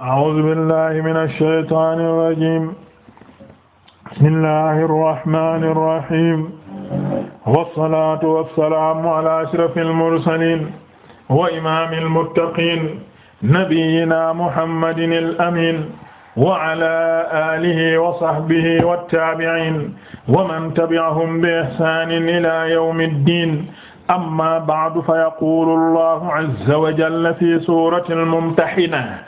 أعوذ بالله من الشيطان الرجيم بسم الله الرحمن الرحيم والصلاة والسلام على أشرف المرسلين وإمام المتقين نبينا محمد الأمين وعلى آله وصحبه والتابعين ومن تبعهم بإحسان إلى يوم الدين أما بعد فيقول الله عز وجل في سورة الممتحنة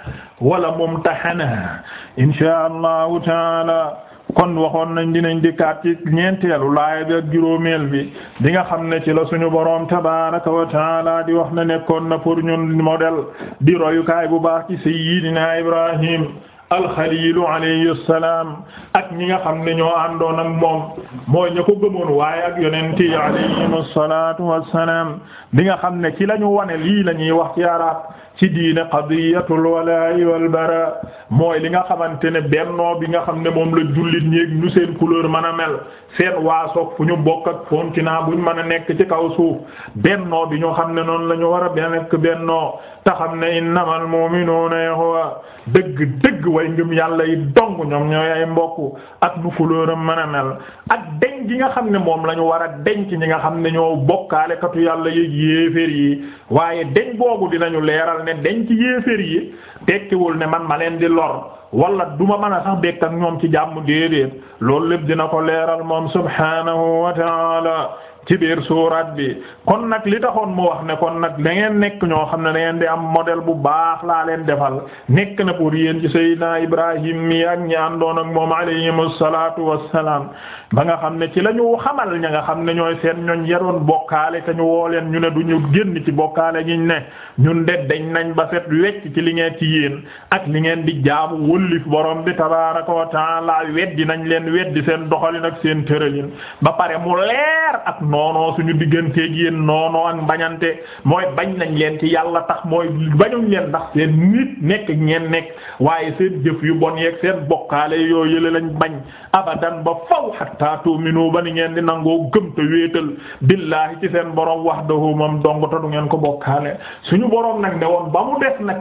wala mumtahana insha allahu taala kon waxoon nañ dinañ dikkaat ci ñeenteelu laaya bi ak juróomeel bi di nga xam ne ci la suñu boroom tabaraka wa taala di wax na nekkoon na pour ñun modèle di royukaay bu baax ci sayyidina ibrahim alxaliilu alayhi salaam ak ñi nga xam ne ñoo àndoon moom mooy ña ko gëmoon waaye ak yonent yi alayhim salaatu wassalaam di nga xam ne ci lañu wane lii lañuy wax ci arab ci diine qadiyatul walaa'i wal baraa mooy li nga xamante ne bennoo bi nga xam ne moom la jullit ñéeg ñu seen couleur mën a mel seen waasoog ñu bokk ak continent buñ mën a nekk ci kaw suuf bennoo bi ñoo xam ne noonu la ñu war a nekk bennoo te xam ne innamal mu'minuuna ikhwa dëgg dëgg way ngëm yàlla yi dong ñoom ñooy ay mbokk ak nu couleur mën a mel ak deñ nga xam ne moom la war a denc ñi nga xam ne ñoo bokkaalekatu yàlla yéeg yéeféer yi waaye deñ boobu dinañu leeral ne dañ ci yéeféer yi tekkiwul ne man ma leen di lor wala du ma mën a sax bekk ak ñoom ci jàmm déedéet loolu lépp dina ko leeral moom subhanahu wa taala ci biir suuraat bi kon nag li taxoon mu wax ne kon nag da ngeen nekk ñoo xam ne da ngeen di am modèle bu baax laa leen defal nekk na pour yéen ci Seydina Ibrahim mi ak ñi àndoon ak moom alayhimu salaatu wassalaam ba nga xam ne ci lañu ñu xamal ña nga xam ne ñooy seen ñooñ yaroon bokkaale te ñu woo leen ñu ne du ñu génn ci bokkaale gi ñu ne ñun de dañ nañ ba set wecc ci li ngeen ci yéen ak li ngeen di jaamu wëllif borom bi tabaaraka wa ta'ala weddi nañ leen weddi seen doxalin ak seen tëralin ba pare mu leer ak noonoo suñu digganteeg yéen noonoo ak mbañante mooy bañ nañ leen ci yàlla tax mooy bañuñ leen ndax seen nit nekk ngeen nekk waaye seen jëf yu bon yeek seen bokkaale yoo yële lañ bañ abadan ba faw hatta tu'minu ba ni ngeen di nangoo gëm te wéetal billaahi ci seen borom wahdahu moom dong te du ngeen ko bokkaale suñu boroom nag ne woon ba mu des nag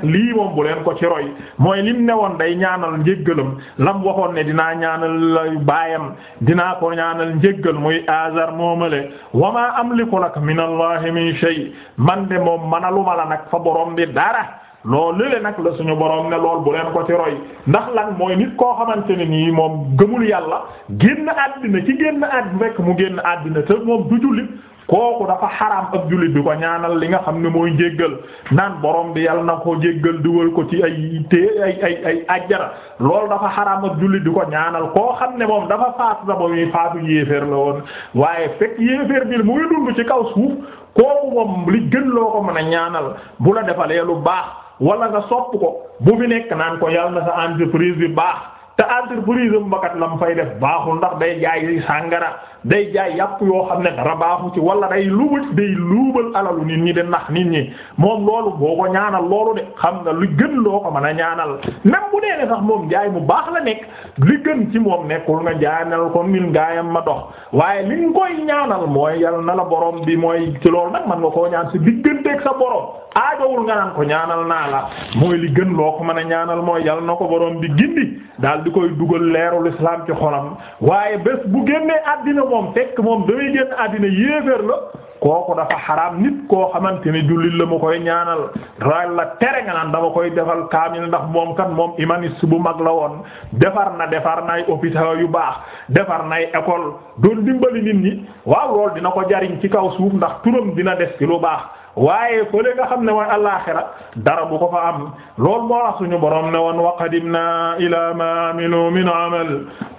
ñaanal njéggalam lam waxoon ne dinaa ñaanal lay baayam dinaa ko ñaanal njéggal muy azar moomale wa maa amliku lak min allahi min shay man de moom manaluma la nag fa borom bi dara loolu léeg nag la suñu boroom ne lool bu leen ko ci roy ndax lan mooy nit koo xamante ne nii moom gëmul yàlla génn àddina ci génn àddina rek mu génn àddina te moom du jullit kooku dafa xaraam ab jullit bi ko ñaanal li nga xam ne mooy jéggal naan borom bi yàlla na ko jéggal dugal ko ci ay tée ay ay ay ajjara loolu dafa xaraam ab jullit bi ko ñaanal koo xam ne moom dafa faatu daba muy faatu yéeféer la woon waaye fekk yéeféer bi mu ngi dund ci kaw suuf kooku moom li gën loo ko mën a ñaanal bu la defalee lu baax wala nga sopp ko bu fi nekk naan ko yal na sa entreprise bi baax te entreprise bu bakat la mu fay def baaxul ndax day jaay sàngara day jaay yàpp yoo xam ne dara baaxu ci wala day luubal day luubal alalu nit ñi de nax nit ñi moom loolu boo ko ñaanal loolu de xam nga lu gën loo ko mën a ñaanal même bu dee sax moom jaay mu baax la nekk li gën ci moom nekkul nga jaanal ko mil gaayam ma dox waaye li nga koy ñaanal mooy yal na la borom bi mooy ci loolu nag man koo ñaan ci digganteeg sa borom aajowul nga naan ko ñaanal naa la mooy li gën loo ko mën a ñaanal mooy yal na ko borom bi gindi daal di koy dugal leerul islam ci xolam waaye bés bu génnee àddina moom fekk moom damay génn àddina yéeféer la kooku dafa xaraam nit koo xamante ne jullit la mu koy ñaanal raay la tere nga naan dama koy defal kaamil ndax moom kat moom humaniste bu mag la woon defar na defar nay hôpital yu baax defar nay école doon dimbali nit ñi waaw loolu dina ko jariñ ci kaw suuf ndax turam dina des ci lu baax waaye fële nga xam ne mooy alaaxira dara bu ko fa am loolu moo wax suñu borom ne woon wa qadimna ila ma amilu min amal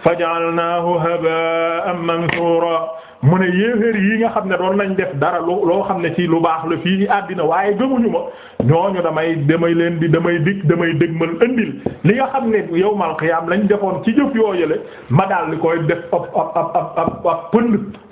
faj'alnahu haba'an mansura mu ne yéeféer yi nga xam ne doon nañ def dara loo loo xam ne ci lu baax la fii ci àddina waaye gëmuñu ma ñooñu damay damay leen di damay dig damay dëgmal indil li nga xam ne yawmal qiyaam lañ defoon ci jëf yoo yële ma daal di koy def ab ab ab ab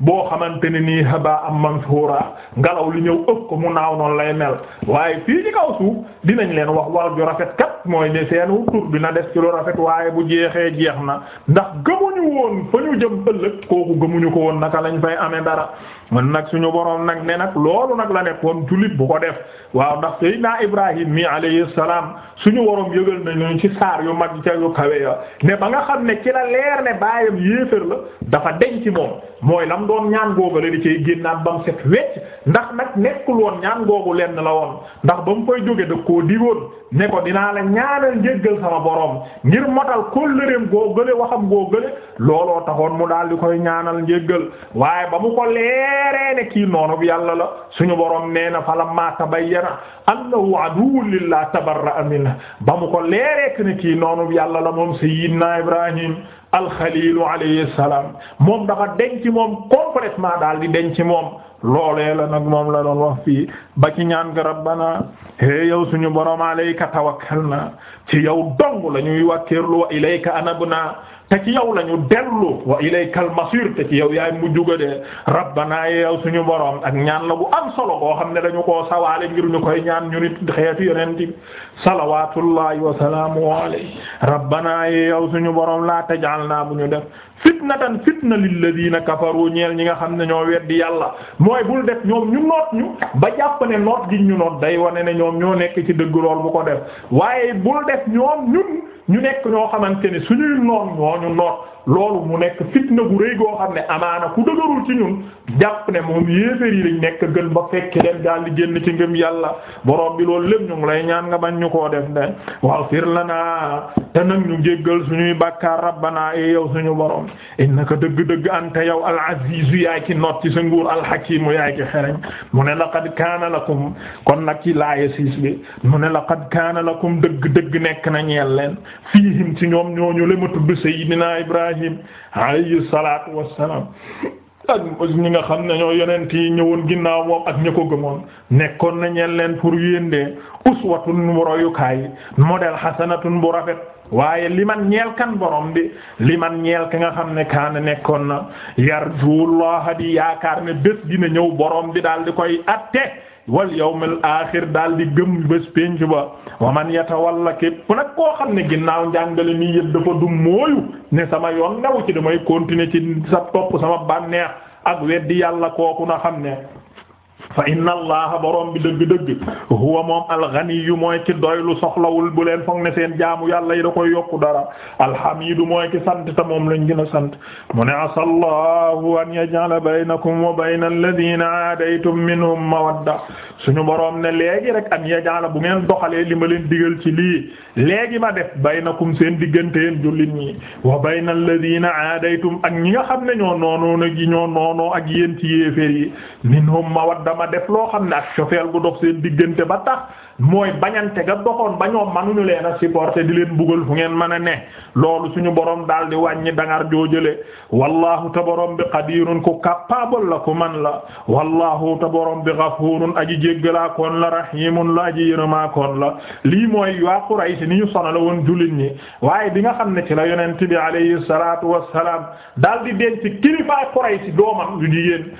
boo xamante ne nii haba am mansuura ngelaw li ñëw ëpp ko mu naaw noonu lay mel waaye fii ci kaw suuf dinañ leen wax wal ju rafet kat mooy ne seenu tur bi na des ci lu rafet waaye bu jeexee jeex na ndax gëmuñu woon fa ñu jëm ëllëg kooku gëmuñu ko woon naka lañ nañ fay amee dara man nag suñu boroom nag ne nag loolu nag la nekkoon jullit bu ko def waaw ndax Seydina Ibrahim mi alayhi salaam suñu borom yëgal nañu ci saar yu mag ca yu kawe ya ne ba nga xam ne ci la leer ne baayam yéefér la dafa denc ci moom mooy lam doon ñaan googu la di cay génnaat ba mu set wecc ndax nag nekkul woon ñaan googu lenn la woon ndax ba mu koy jóge da koo digoon ne ko dinaa la ñaanal njéggal sama boroom ngir motal kóllëreem goo gële waxam goo gële looloo taxoon mu daal di koy ñaanal njéggal waaye ba mu ko leer leeree ne kii noonu bi yàlla la suñu borom nee na fala ma tabayyana annahu aduwwun lillah tabarra'a minhu ba mu ko leeree ne kii noonu bi yàlla la moom sayyidina Ibrahim al-Khalil alayhi salaam moom dafa denc moom complètement daal di denc moom loolee la nag moom la doon wax fii ba ci ñaan ga rabbana hee yow suñu borom alayka tawakkalna ci yow dong la ñuy wàkkeerlu wa ilayka anabna te ci yow la ñu dellu wa ilaykal masir te ci yow yaay mujj ga de rabbana yow suñu borom ak ñaan la bu am solo boo xam ne dañu ko sawaale ngir ñu koy ñaan ñu nit xeetu yonent bi salawatullahi wa salaamu alayhi rabbana yow suñu borom la naa bu ñu def fitnatan fitna lilladina kafaru ñeel ñi nga xam ne ñoo weddi yàlla mooy bul def ñoom ñu noot ñu ba jàpp ne noot gi ñu noot day wane ne ñoom ñoo nekk ci dëgg lool bu ko def waaye ñu nekk ñoo xamante ne suñuy noon ñooñu noot loolu mu nekk fitna gu rëy goo xam ne amaana ku dëgërul ci ñun jàpp ne moom yéeféer yi lañ nekk gën ba fekk leen daal génn ci ngëm yàlla borom bi loolu lépp ñu ngi lay ñaan nga bañ ñu koo def de waaw fir lanaa te nag ñu jéggal suñuy bàkkaar rabbana e yow suñu borom innaka dëgg-dëgg anta yow al azizu yaay ki not ci sa nguur al hakimu yaay ki xereñ mu ne laqad kaana lakum kon nag ci laaya siis bi mu ne laqad kaana lakum dëgg-dëgg nekk na ñeel Ibrahim alayhi salaatu wassalaam ak ñi nga xam ne ñoo yonent yi ñëwoon ginnaaw moom ak ña ko gëmoon nekkoon na ñeen leen pour yéen de uswatun bu royukaay modèle hasanatun bu rafet waaye li man ñeel kan borom bi li man ñeel ka nga xam ne kaana nekkoon na yarjullaha di yaakaar ne bés dina ñëw borom bi daal di koy atte wal yow yawmil aaxir daal di gëm bés penc ba wa man yatawalla képp nag koo xam ne ginnaaw njàngale mi yëpp dafa dum mooyu ne sama yoon new ci damay continuer ci sa topp sama bànneex ak weddi yàlla kooku na xam ne fa inna allaha borom bi dëgg-dëgg huwa moom alganiyu mooy ki doylu soxlawul bu leen foog ne seen jaamu yàlla yi da koy yokku dara alhamidu mooy ki sant te moom lañ gën a sant mu ne asa allahu an yaj'ala baynakum wa bayna alladhina aadaytum minhum mawadda suñu borom ne léegi rek an yaj'ala bu ngeen doxalee li ma leen digal ci lii léegi ma def baynakum seen diggante yeen jullit ñi wa bayna alladhina aadaytum ak ñi nga xam ne ñoo noonoo na gi ñoo noonoo ak yéen ci yéeféer yi minhum mawadda ma def loo xam ne ak cofeel gu dox seen diggante ba tax mooy bañante ga doxoon ba ñoom manuñu leen a supporter di leen buggal fu ngeen mën a ne loolu suñu borom daal di wàññi dangar joojale wallahu ta borom bi qadirun ku capable la ku man la wallahu ta borom bi ghafurun aji jéggalaa koon la rahimun la aji yërëmaa koon la lii mooy waa Quraysh ni ñu sonala woon jullit ñi waaye bi nga xam ne ci la yonent bi alayhi salatu wassalam daal di denc kilifa Quraysh doomam yu jigéen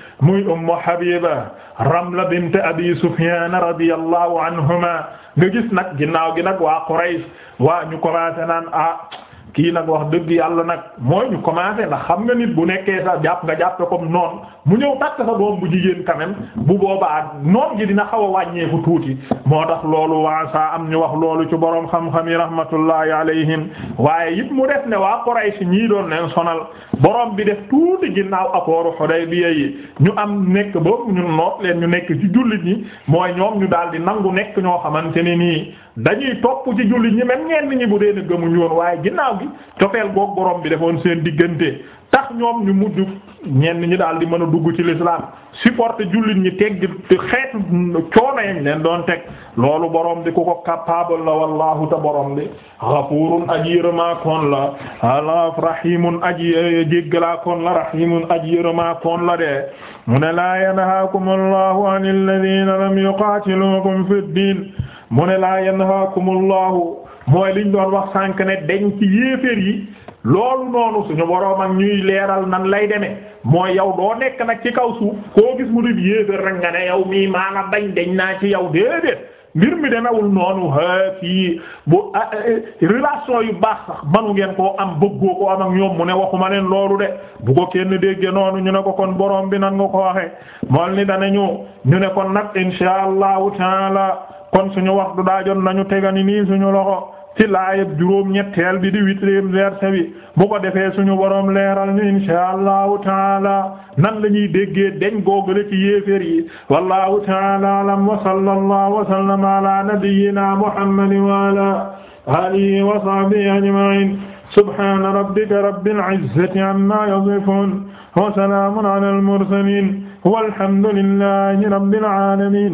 Ramla bint Abi Sufyan radiyallahu anhuma nga gis nag ginnaaw gi nag waa Quraysh waa ñu commencé naan ah kii nag wax dëgg yàlla nag mooy ñu commencé ndax xam nga nit bu nekkee sa jàpp nga jàppe comme noon mu ñëw takk sa doom bu jigéen quand même bu boobaa noon gi dina xaw a wàññeeku tuuti moo tax loolu waa saa am ñu wax loolu ci borom xam-xam yi rahmatullahi alayhim waaye it mu def ne waa Quraysh ñii doon leen sonal boroom bi def tuuti ginnaaw accord Hudaybiya yi ñu am nekk ba ñu noot leen ñu nekk ci jullit ñi mooy ñoom ñu daal nangu nekk ñoo xamante ne nii dañuy topp ci yi cofeel goog borom bi defoon seen diggante tax ñoom ñu mujj ñenn ñi daal di a dugg ci l'islam supporté jullit ñi teg di xeetu coono yañ leen doon teg loolu borom bi ku ko capable la wallahu te borom bi ghafurun aji yërëmaakoon la ala rahimun aji jéggalaakoon la rahimun aji yërëmaakoon la de mu ne laa yanhaakum allahu an alladhina lam yuqatilukum fi ddin mu ne laa yanhaakum mooy liñ doon wax sànk ne deñ ci yéeféer yi loolu noonu suñu boroom ak ñuy leeral nan lay demee mooy yow doo nekk nag ci kaw suuf koo gis mu dib yéeféer rek ne yow mii maana dañ deñ naa ci yow déedéet mbir mi demewul noonu ha fii bu relation yu baax sax manu ngeen koo am bëggoo ko am ak ñoom mu ne waxuma nen loolu de bu ko kenn déggee noonu ñu ne ko kon boroom bi nan nga ko waxe mool ni danañu ñu ne kon nag insha allahu taala kon suñu wax du daa jot nañu tegani ci laayab juróom ñetteel bi di huitième verset bi bu ko defee suñu boroom leeral ñu insha allahu taala nan la ñuy déggee deñ googale ci yéeféer yi wallahu taala alam wa sallallahu wa sallama ala nabiyyina muhammadin wa ala alihi wa sahbihi ajma'in subhana rabbika rabbil izzati amma yasifun wa salamun ala al mursalin walhamdulillahi rabbil alamin